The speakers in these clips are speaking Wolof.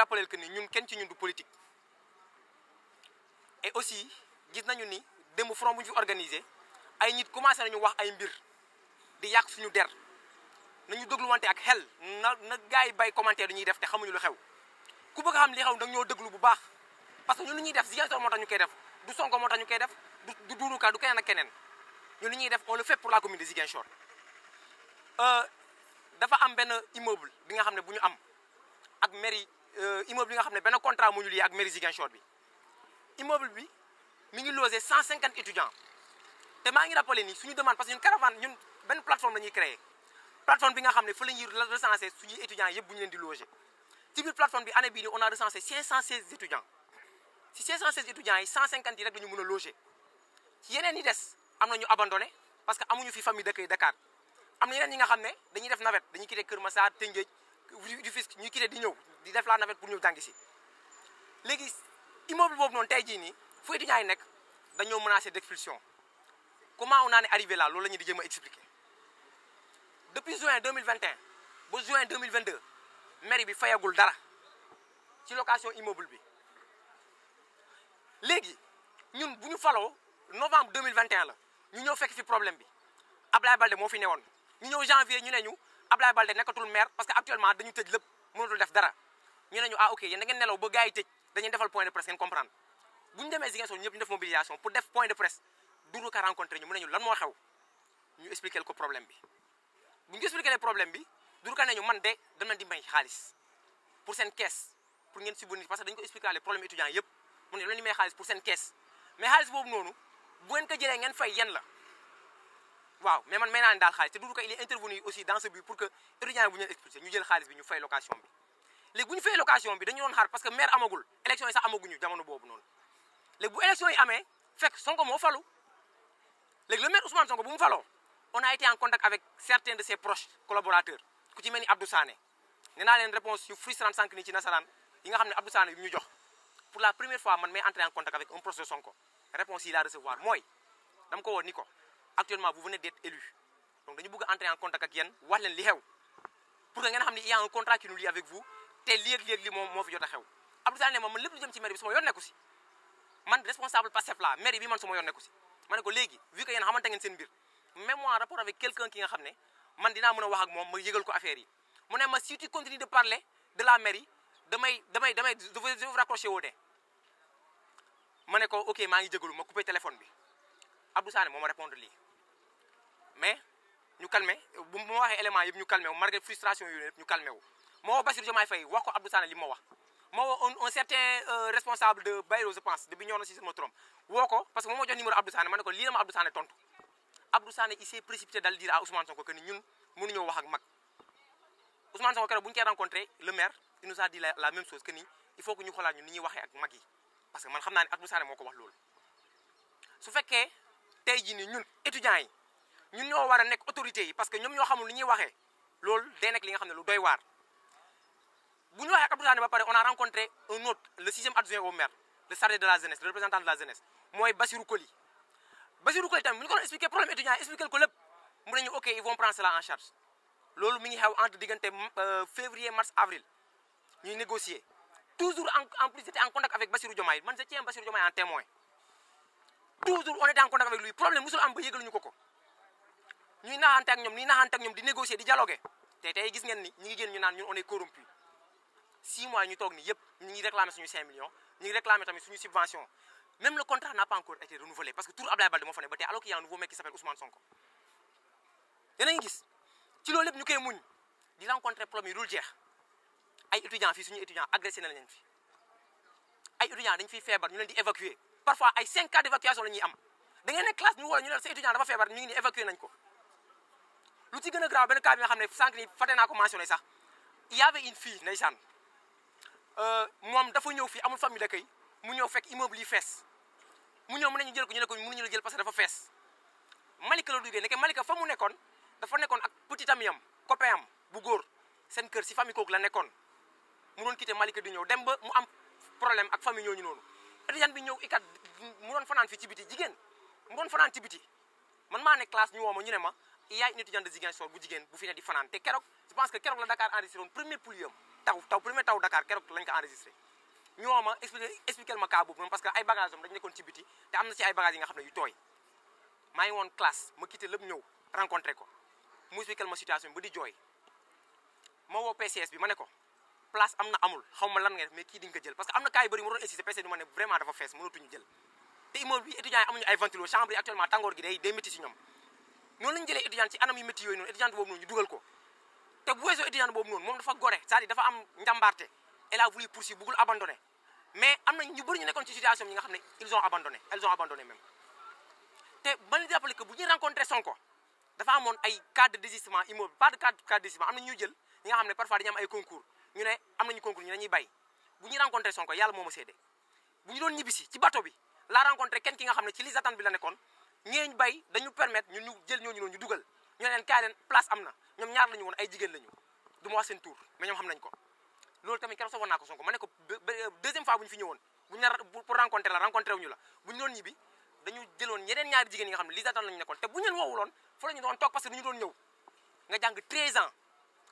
rappelel que ni ñun kenn ci ñun du politique et aussi gis nañu ni démb front bu ñu fi ay nit commencé nañu wax ay mbir di yàq suñu der nañu dégluwante ak xel na na gars yi bay commentaire du ñuy def te xamuñu lu xew ku bëgg xam li xew nag ñoo déglu bu baax parce que ñun lu ñuy def Ziguinchor moo tax ñu koy def du Sonko moo tax ñu koy def du Doudou du keneen ak keneen ñun li ñuy def on le fait pour la commune de Ziguinchor euh, dafa am benn immeuble bi nga xam ne bu ñu am ak mairie Euh, immeuble yi nga xam ne benn contrat mu ñu lii ak mairie Ziguinchor bi immeuble bi mi ngi logé 150 étudiants te maa ngi rappelé ni suñu demande parce que ñun caravane ñun benn plateforme la ñuy créé plateforme bi nga xam ne fa la ñuy recensé suñuy étudiants yëpp ñu leen di logé ci biir plateforme bi année bii nii on a recensé 516 étudiants si 516 étudiants yi 150 yi rek dañu mën a logé yeneen yi des am na ñu abandonné parce que amuñu fi famille dëkk yi Dakar am na yeneen ñi nga xam ne dañuy def navette dañuy quitté Kër Massar du fisc ñuy quitté di ñëw di def la navette pour ñëw jàngi si léegi immeuble boobu noonu tey jii nii fu étudiants yi nekk dañoo menacé d'expulsion comment on en est arrivé là loolu la ñuy di jéem a expliquer depuis juin 2021 ba juin 2022 mairie bi fayagul dara ci location immeuble bi léegi ñun bu ñu faloo novembre 2021 la ñu ñëw fekk fi problème bi Ablaye Balde moo fi newoon ñu ñëw janvier ñu ne ñu. Ablaye Balde nekkatul maire parce que actuellement dañu tëj lépp mënatul def dara ñu ne ñu ah ok yéen da ngeen nelaw ba gars yi tëj dañuy defal point de presse ngeen comprendre bu ñu demee Ziguinchor ñëpp ñu def mobilisation pour def point de presse Doudou Ka rencontré ñu mu ne ñu lan moo xew ñu expliquer ko problème bi bu ñu problème bi Doudou Ka ne ñu man de dama di may xaalis pour seen caisse pour ngeen subvenir parce que dañu ko expliquer les problèmes étudiants yëpp mu xaalis pour seen caisse mais xaalis boobu noonu bu ngeen ko jëlee ngeen fay la waaw mais man may naa ne daal xaalis te Doudou Ka il est intervenu aussi dans ce but pour que étudiants bu ñu leen ñu jël xaalis bi ñu fay location bi léegi bu ñu fay location bi dañu doon xaar parce que maire amagul élection sax amaguñu jamono boobu noonu léegi bu élection yi amee fekk Sonko moo falu léegi le maire Ousmane Sonko bu mu faloo on a été en contact avec certains de ses proches collaborateurs ku ci mel ni Abdou Sané nee leen réponse xam ne Abdou Sané yu ñu jox pour la première fois man may entrer en contact avec un proche de Sonko réponse ni ko actuellement vous venez d'être élu donc dañu bëgg entrer en contact ak yéen wax leen li xew pour que ngeen xam ne il y a un contrat qui avec vous te lii ak lii ak lii moom moo fi jot a xew Abdou Sall ne ma man lépp lu jëm ci mairie bi sama yoon nekku si si ma ne ko léegi vu que yéen xamante ngeen seen mbir même moi rapport avec quelqu'un ki nga xam ne man dinaa mën a wax ak moom ma yëgal ko affaire yi mu ne ma si tu continues de parler de la mairie damay damay damay je vais raccrocher au ma ne ko ok maa ngi jégalu ma coupé téléphone bi Abdou Sané moo ma répondre lii mais ñu calmé bu ma waxee élément yëpp ñu calmé wu malgré frustration yooyu yëpp ñu calmé wu moo woo Bassirou Diomaye Faye wax ko Abdou Sané li ma wax moo woo un certain euh, responsable de Bayro je pense de Bignona si je me parce que moo ma jox numéro Abdou Sané ma la ma Abdou Sané tontu Abdou Sané il s'est précipité dal dire à Sonko que ni ñun mënuñoo wax ak mag Ousmane Sonko keroog bu ñu koy rencontré le maire il nous a dit la la tey jii nii ñun étudiants yi ñun ñoo war a nekk autorités yi parce que ñoom ñoo xamul li ñuy waxee loolu day nekk li nga xam ne lu doy waar. bu ñu waxee ak Abdou Sané ba pare on a rencontré un autre le sixième adjoint au maire le chargé de la jeunesse le représentant de la jeunesse mooy Bassirou Koli Bassirou Koli tamit bu ñu ko expliqué problème étudiant yi expliqué ko lépp mu ne ñu ok ils vont prendre cela en charge loolu mi ngi xew entre diggante euh, février mars avril ñuy négocier toujours en toujours on est en contact avec lui problème musul am ba yëgaluñu ko ko ñuy naxante ak ñoom ñuy naxante ak ñoom di négocier di dialoguer te tey gis ngeen ni ñi ngi génn ñu naan ñun on est corrompu six mois ñu toog ni yëpp ñu ngi réclamer suñu cinq millions ñu réclamer tamit suñu subvention même le contrat n'a pas encore été renouvelé parce que tur Abdoulaye Balde moo fa ne ba tey alors qu'il y a un nouveau mec qui s'appelle Ousmane Sonko yéen a ngi gis ci loolu lépp ñu koy muñ di rencontrer leen fi dañ fiy feebar ñu leen di évacuer parfois ay 5 cas d' évacuation la am da ngeen ne classe ñu wala ñu ne sa étudiant dafa feebar ñu ngi nañ ko lu ci gën a grave benn cas bi nga xam ne sànq ni fate naa ko mentionné sax il y avait une fille euh, moom dafa ñëw fii amul famille d'accueil mu ñëw fekk immeuble yi fees mu ñëw mën nañu jël ko ñu ne ko mënuñu la jël parce que dafa fees Malika la duggee nekke Malika fa mu nekkoon dafa nekkoon ak petit ami am copain am bu góor seen kër si famille kooku la nekkoon mu doon quitté Malika di ñëw dem ba mu am problème ak famille noonu étudiant bi ñëw ikat mu doon fanaan fi ci biti jigéen mu doon fanaan ci man maa ne ñu woo ñu ne ma yaay une étudiante de Ziguinchor bu jigéen bu fi ne di fanaan te keroog je pense que keroog la Dakar enregistré woon premier pluie am taw taw premier taw Dakar keroog lañ ko enregistré ñu woo ma expliqué expliqué ma cas boobu moom parce que ay bagages am dañ nekkoon ci biti te am na ci ay bagages yi nga xam ne yu tooy maa ngi woon classe ma quitté lépp ñëw rencontré ko mu expliqué ba di jooy ma bi ma ne ko place am na amul xaw ma lan nga def kii di jël parce que am na cas yu mu doon insisté PC ni ma ne vraiment dafa fees mënatuñu jël te immeuble bi étudiants yi ay ventilo chambre yi actuellement tàngoor gi day day métti si ñoom noonu lañu jëlee étudiant ci anam yu métti yooyu ñu dugal ko te bu weesoo étudiant boobu noonu moom dafa gore cest dafa am njàmbaarte elle a voulu bugul abandonné mais am na ñu bëri ñu nekkoon ci situation xam ne ils ont abandonné elles ont abandonné nga xam ne parfois dañu ñu ne am nañu concours ñu ne ñuy bay bu ñu rencontré Sonko yàlla moo ma seede bu ñu doon si ci bato bi laa rencontré kenn ki nga xam ne ci liste d'attente bi la nekkoon ñeeñ bay dañu permettre ñu ñu jël ñooñu noonu ñu dugal ñu leen kaay leen place ay jigéen lañu du ma wax seen tour mais ñoom xam nañ ko ne ko deuxième bu ñu fi ñëwoon bu ñu la pour rencontrer la rencontré wuñu la bu ñu doon ñibbi dañu jëloon ñeneen ñaari jigéen yi nga xam ne liste d'attente ñu doon toog parce que ñu doon ñëw nga jàng 13 ans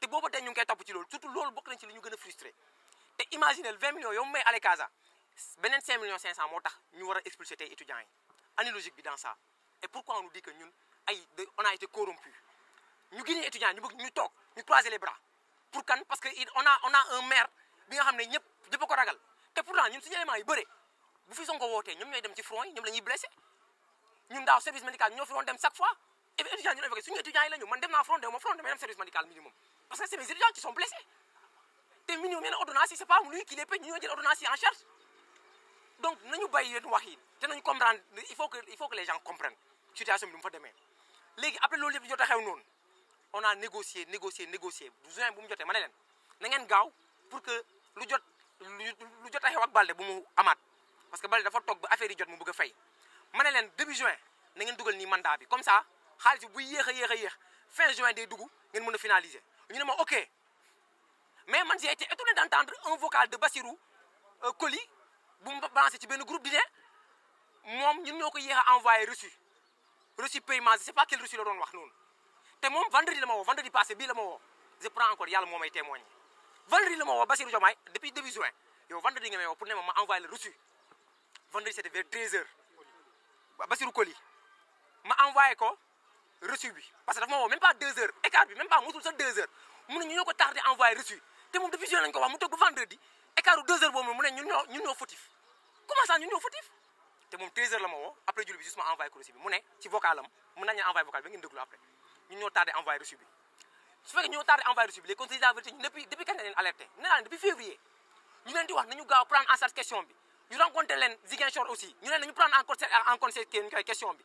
te booba tey ñu ngi koy topp ci loolu surtout loolu bokk nañ ci li ñu gën a frustré imaginel 20 millions yow mu may beneen 5 millions 500 moo tax ñu war a expulsé tey étudiants yi ani logique bi dans ça pourquoi on nous dit ñun ay on a été corrompu ñu génnee étudiants ñu bëgg ñu toog ñu croiser les bras pour kan parce que on a on bi nga xam ne ñëpp ñëpp a ko ragal te pourtant ñun suñu éléments yi bëre bu fi Sonko wootee ñoom ñooy ci front yi ñu front dem service parce que c'est les étudiants qui sont blessés te mi ñu mel ordonnance yi c'est pas lui ñu jël ordonnance en charge donc nañu bàyyi yéen wax yi danañ comprendre il faut que il faut que les gens comprennent situation bi du mu fa demee léegi après loolu yëpp di jot a xew noonu on a négocié négocié négocié bu juin bu mu jotee ma ne leen na ngeen gaaw pour que lu jot lu jot a xew ak Balde bu mu amaat parce que Balde dafa toog ba affaire jot mu bëgg a fay ma ne leen début juin na ngeen dugal nii mandat bi comme ça xaalis bi yéex a yéex a yéex fin juin day dugg ngeen mën a finaliser ñu ne ma ok mais man j'ai été étonné d'entendre un vocal de Bassirou euh, Koli bu mu balancé ci benn groupe di moom ñun ñoo ko yéex a envoyé reçu reçu paiement je pas quel reçu la doon wax noonu te moom vendredi la ma woo vendredi passé bii la ma woo je prends encore yàlla moo may témoigner vendredi la ma woo Bassirou Diomaye depuis début juin yow vendredi nga may woo pour ne ma ma le reçu vendredi c'était vers 13 heures Bassirou Koli ma envoyé ko. reçu bi parce que dafa ma woo même pas deux bi même pas mosul sax deux heures ñu ñoo ko tardé envoyé reçu te moom diffusion lañ ko wax mu toog ba vendredi écart u deux heures boobu mu ne ñun ñoo ñun ñoo fautif comment ça ñun te moom 13 la ma après julli bi juste ma envoyé ko bi mu ne ci vocal am mun nañu envoyé vocal bi ngeen déglu après bi su fekkee ñu ñu leen di wax nañu bi ñu rencontré leen ñu leen nañu prendre ñu koy question bi